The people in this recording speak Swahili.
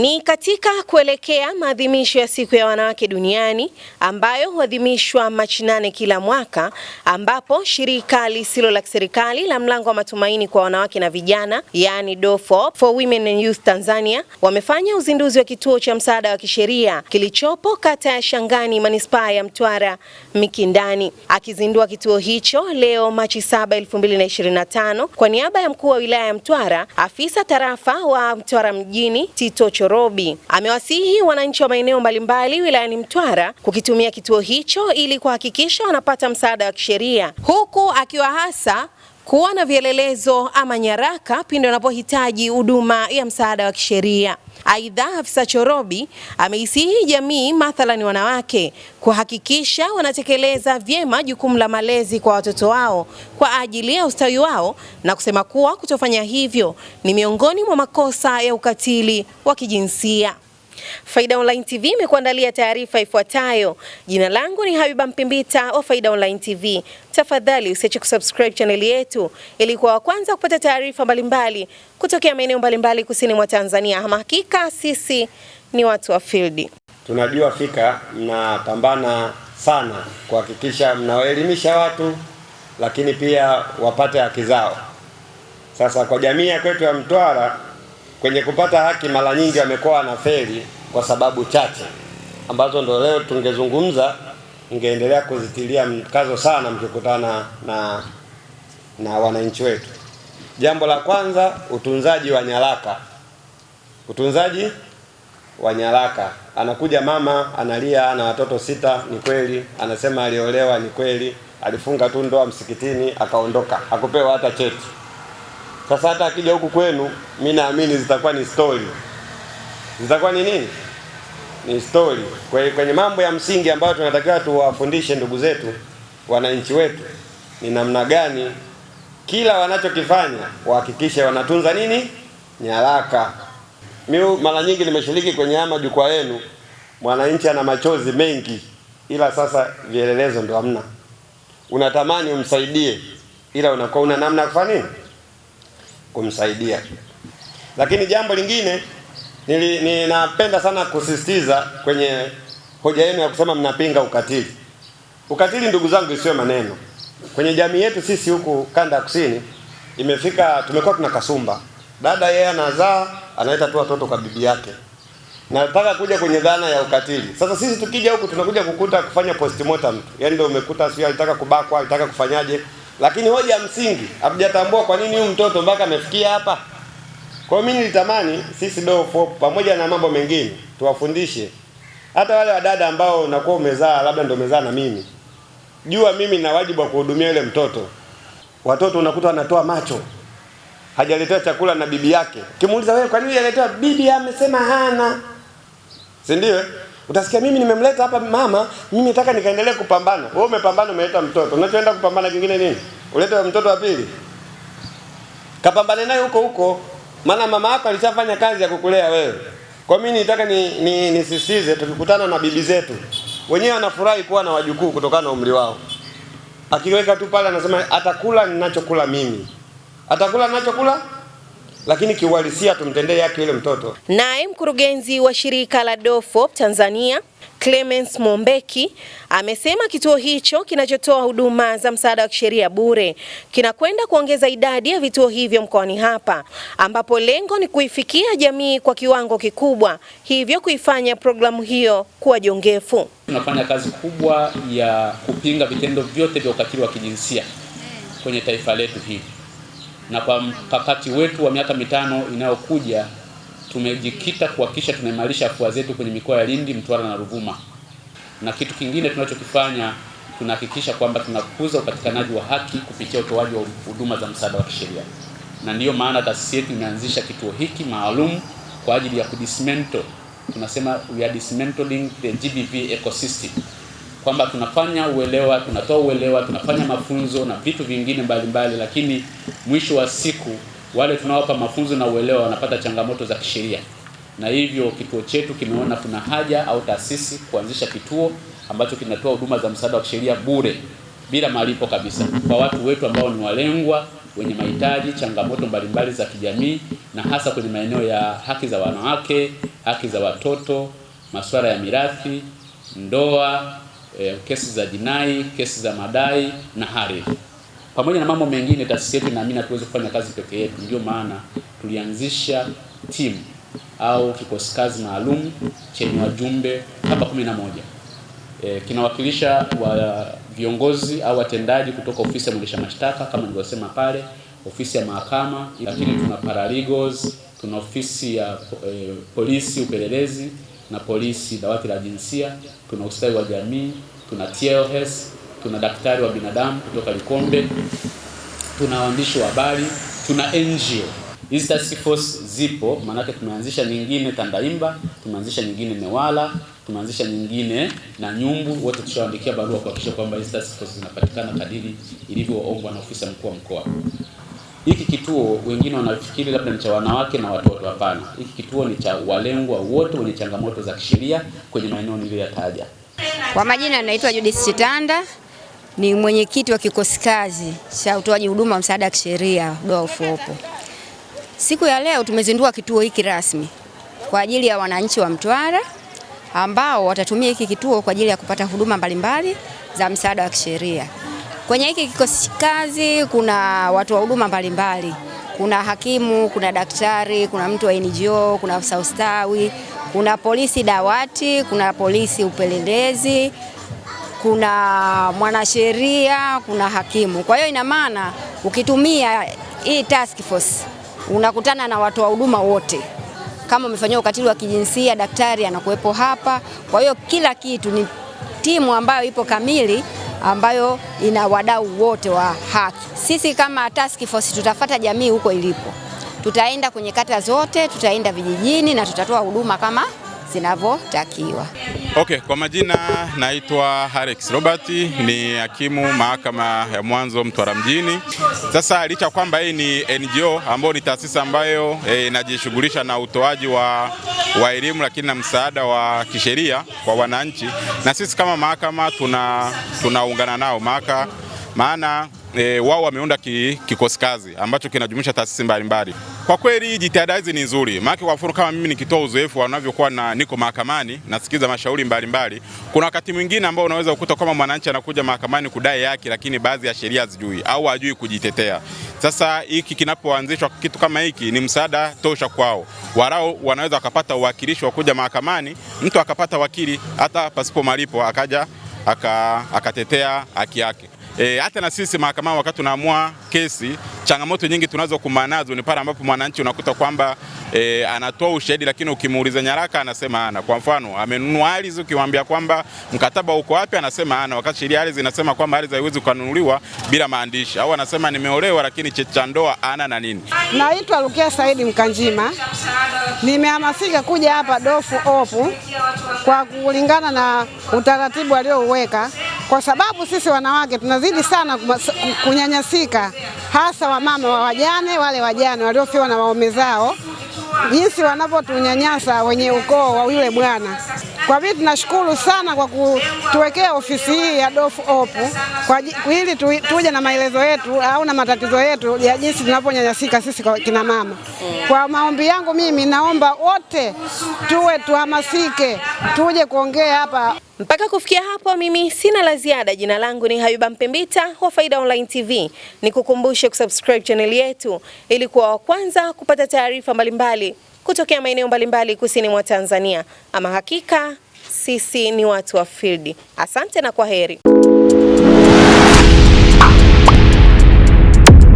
Ni katika kuelekea maadhimisho ya siku ya wanawake duniani ambayo huadhimishwa Machi nane kila mwaka, ambapo shirika lisilo la kiserikali la Mlango wa Matumaini kwa wanawake na vijana, yani Door for, for Women and Youth Tanzania wamefanya uzinduzi wa kituo cha msaada wa kisheria kilichopo kata ya Shangani, manispaa ya Mtwara Mikindani. Akizindua kituo hicho leo Machi 7, 2025 kwa niaba ya mkuu wa wilaya ya Mtwara, afisa tarafa wa Mtwara mjini Tito robi amewasihi wananchi wa maeneo mbalimbali wilayani Mtwara kukitumia kituo hicho ili kuhakikisha wanapata msaada wa kisheria, huku akiwa hasa kuwa na vielelezo ama nyaraka pindi wanapohitaji huduma ya msaada wa kisheria. Aidha, Hafsa Chorobi ameisihi jamii, mathalani wanawake, kuhakikisha wanatekeleza vyema jukumu la malezi kwa watoto wao kwa ajili ya ustawi wao na kusema kuwa kutofanya hivyo ni miongoni mwa makosa ya ukatili wa kijinsia. Faida Online TV imekuandalia taarifa ifuatayo. Jina langu ni Habiba Mpimbita wa Faida Online TV. Tafadhali usiache kusubscribe chaneli yetu ili kuwa wa kwanza kupata taarifa mbalimbali kutokea maeneo mbalimbali kusini mwa Tanzania. Ama hakika sisi ni watu wa field. Tunajua fika mnapambana sana kuhakikisha mnawaelimisha watu, lakini pia wapate haki zao. Sasa kwa jamii ya kwetu ya Mtwara kwenye kupata haki mara nyingi wamekuwa feli kwa sababu chache ambazo ndo leo tungezungumza, ningeendelea kuzitilia mkazo sana mkikutana na na wananchi wetu. Jambo la kwanza, utunzaji wa nyaraka. Utunzaji wa nyaraka, anakuja mama analia, ana watoto sita, ni kweli. Anasema aliolewa, ni kweli. Alifunga tu ndoa msikitini akaondoka, hakupewa hata cheti sasa hata akija huku kwenu, mi naamini zitakuwa ni story, zitakuwa ni nini, ni story. Kwa hiyo kwenye mambo ya msingi ambayo tunatakiwa tuwafundishe ndugu zetu, wananchi wetu, ni namna gani kila wanachokifanya wahakikishe wanatunza nini, nyaraka. Mi mara nyingi nimeshiriki kwenye ama majukwaa yenu, mwananchi ana machozi mengi, ila sasa vielelezo ndo hamna. Unatamani umsaidie, ila unakuwa una namna ya kufanya nini kumsaidia. Lakini jambo lingine ninapenda sana kusisitiza kwenye hoja yenu ya kusema mnapinga ukatili. Ukatili ndugu zangu, isiyo maneno kwenye jamii yetu sisi huku kanda ya kusini, imefika tumekuwa tuna kasumba, dada yeye anazaa anaita tu watoto kwa bibi yake, nataka kuja kwenye dhana ya ukatili. Sasa sisi tukija huku tunakuja kukuta kufanya postmortem, yaani ndio umekuta sio, alitaka kubakwa, alitaka kufanyaje lakini hoja ya msingi hatujatambua kwa nini huyu mtoto mpaka amefikia hapa. Kwa mimi nilitamani sisi dofo pamoja na mambo mengine tuwafundishe hata wale wadada ambao unakuwa umezaa labda ndio umezaa na mimi. Jua mimi na wajibu wa kuhudumia yule mtoto. Watoto unakuta wanatoa macho. Hajaletewa chakula na bibi yake. kimuuliza wewe kwa nini hajaletewa? Bibi amesema hana. Si ndio? Eh? Utasikia mimi nimemleta hapa mama, mimi nataka nikaendelee kupambana. Wewe umepambana umeleta mtoto. Unachoenda kupambana kingine nini? Ulete mtoto wa pili. Kapambane naye huko huko. Maana mama yako alishafanya kazi ya kukulea wewe. Kwa mimi nitaka ni, ni nisisitize tukikutana na bibi zetu. Wenyewe anafurahi kuwa na wajukuu kutokana na umri wao. Akiweka tu pale anasema atakula ninachokula mimi. Atakula ninachokula lakini kiuhalisia tumtendee yake yule mtoto. Naye mkurugenzi wa shirika la Dofop Tanzania Clemens Mombeki amesema kituo hicho kinachotoa huduma za msaada wa kisheria bure kinakwenda kuongeza idadi ya vituo hivyo mkoani hapa, ambapo lengo ni kuifikia jamii kwa kiwango kikubwa, hivyo kuifanya programu hiyo kuwa jongefu. Tunafanya kazi kubwa ya kupinga vitendo vyote vya ukatili wa kijinsia kwenye taifa letu hili na kwa mkakati wetu wa miaka mitano inayokuja tumejikita kuhakikisha tunaimarisha afua zetu kwenye mikoa ya Lindi, Mtwara na Ruvuma. Na kitu kingine tunachokifanya tunahakikisha kwamba tunakuza upatikanaji wa haki kupitia utoaji wa huduma za msaada wa kisheria, na ndiyo maana taasisi yetu imeanzisha kituo hiki maalum kwa ajili ya kudismento, tunasema we are dismantling the GBV ecosystem kwamba tunafanya uelewa, tunatoa uelewa, tunafanya mafunzo na vitu vingine mbalimbali, lakini mwisho wa siku wale tunaowapa mafunzo na uelewa wanapata changamoto za kisheria, na hivyo kituo chetu kimeona kuna haja au taasisi kuanzisha kituo ambacho kinatoa huduma za msaada wa kisheria bure bila malipo kabisa kwa watu wetu ambao ni walengwa wenye mahitaji, changamoto mbalimbali za kijamii, na hasa kwenye maeneo ya haki za wanawake, haki za watoto, masuala ya mirathi, ndoa eh, kesi za jinai, kesi za madai na harifu. Pamoja na mambo mengine, taasisi yetu inaamini hatuwezi kufanya kazi peke yetu, ndio maana tulianzisha timu au kikosi kazi maalum chenye wajumbe kama kumi na moja. E, kinawakilisha wa viongozi au watendaji kutoka ofisi ya mwendesha mashtaka kama nilivyosema pale, ofisi ya mahakama, lakini tuna paralegals, tuna ofisi ya e, polisi upelelezi na polisi, dawati la jinsia, tuna ustawi wa jamii, tuna TLS, tuna daktari wa binadamu kutoka Likombe, tuna waandishi wa habari, tuna NGO. Hizi task force zipo, maanake tumeanzisha nyingine Tandaimba, tumeanzisha nyingine Newala, tumeanzisha nyingine na Nyumbu. Wote tushawaandikia barua kuhakikisha kwamba hizi task force zinapatikana kadiri ilivyoombwa na ofisa mkuu wa mkoa. Hiki kituo wengine wanafikiri labda ni cha wanawake na watoto. Hapana, hiki kituo ni cha walengwa wote wenye changamoto za kisheria kwenye maeneo niliyoyataja. Kwa majina naitwa Judith Chitanda, ni mwenyekiti wa kikosi kazi cha utoaji huduma wa msaada wa kisheria doa Ufuopo. Siku ya leo tumezindua kituo hiki rasmi kwa ajili ya wananchi wa Mtwara ambao watatumia hiki kituo kwa ajili ya kupata huduma mbalimbali za msaada wa kisheria. Kwenye hiki kikosi kazi kuna watu wa huduma mbalimbali, kuna hakimu, kuna daktari, kuna mtu wa NGO, kuna afisa ustawi, kuna polisi dawati, kuna polisi upelelezi, kuna mwanasheria, kuna hakimu. Kwa hiyo ina maana ukitumia hii task force unakutana na watu wa huduma wote. Kama umefanyia ukatili wa kijinsia, daktari anakuwepo hapa. Kwa hiyo kila kitu ni timu ambayo ipo kamili ambayo ina wadau wote wa haki. Sisi kama task force tutafata jamii huko ilipo, tutaenda kwenye kata zote, tutaenda vijijini na tutatoa huduma kama zinavyotakiwa. Okay, kwa majina naitwa Alex Robert, ni hakimu mahakama ya mwanzo Mtwara mjini. Sasa licha kwamba hii ni NGO ambayo ni taasisi ambayo eh, inajishughulisha e, na utoaji wa wa elimu lakini na msaada wa kisheria kwa wananchi, na sisi kama mahakama tunaungana nao mahakama maana e, wao wameunda ki, kikosi kazi ambacho kinajumuisha taasisi mbalimbali. Kwa kweli jitihada hizi ni nzuri, maana kwa mfano kama mimi nikitoa uzoefu wanavyokuwa na niko mahakamani nasikiza mashauri mbalimbali mbali. Kuna wakati mwingine ambao unaweza kukuta kama mwananchi anakuja mahakamani kudai haki, lakini baadhi ya sheria hazijui au hajui kujitetea. Sasa hiki kinapoanzishwa kitu kama hiki ni msaada tosha kwao, warao wanaweza wakapata uwakilishi wa kuja mahakamani, mtu akapata wakili hata pasipo malipo, akaja akatetea haki yake. E, hata na sisi mahakama wakati tunaamua kesi, changamoto nyingi tunazokumbana nazo ni pale ambapo mwananchi unakuta kwamba e, anatoa ushahidi lakini ukimuuliza nyaraka anasema ana. Kwa mfano amenunua ardhi, ukimwambia kwamba mkataba uko wapi, anasema ana, wakati sheria ardhi inasema kwamba ardhi haiwezi kununuliwa bila maandishi, au anasema nimeolewa lakini cheti cha ndoa ana na nini. Naitwa Rukia Saidi Mkanjima, nimehamasika kuja hapa Dofu Opu kwa kulingana na utaratibu aliouweka kwa sababu sisi wanawake tunazidi sana kunyanyasika, hasa wamama wa wajane, wale wajane waliofiwa na waume zao, jinsi wanavyotunyanyasa wenye ukoo wa yule bwana. Kwa hivyo tunashukuru sana kwa kutuwekea ofisi hii ya Dofu Opu kwa ili tu, tuje na maelezo yetu au na matatizo yetu ya jinsi tunavyonyanyasika sisi kwa kina mama. Kwa maombi yangu mimi naomba wote tuwe tuhamasike, tuje kuongea hapa. Mpaka kufikia hapo mimi sina la ziada. Jina langu ni Hayuba Mpembita wa Faida Online TV. Nikukumbushe kusubscribe channel yetu ili kuwa wa kwanza kupata taarifa mbalimbali kutokea maeneo mbalimbali kusini mwa Tanzania. Ama hakika sisi ni watu wa field. Asante na kwa heri.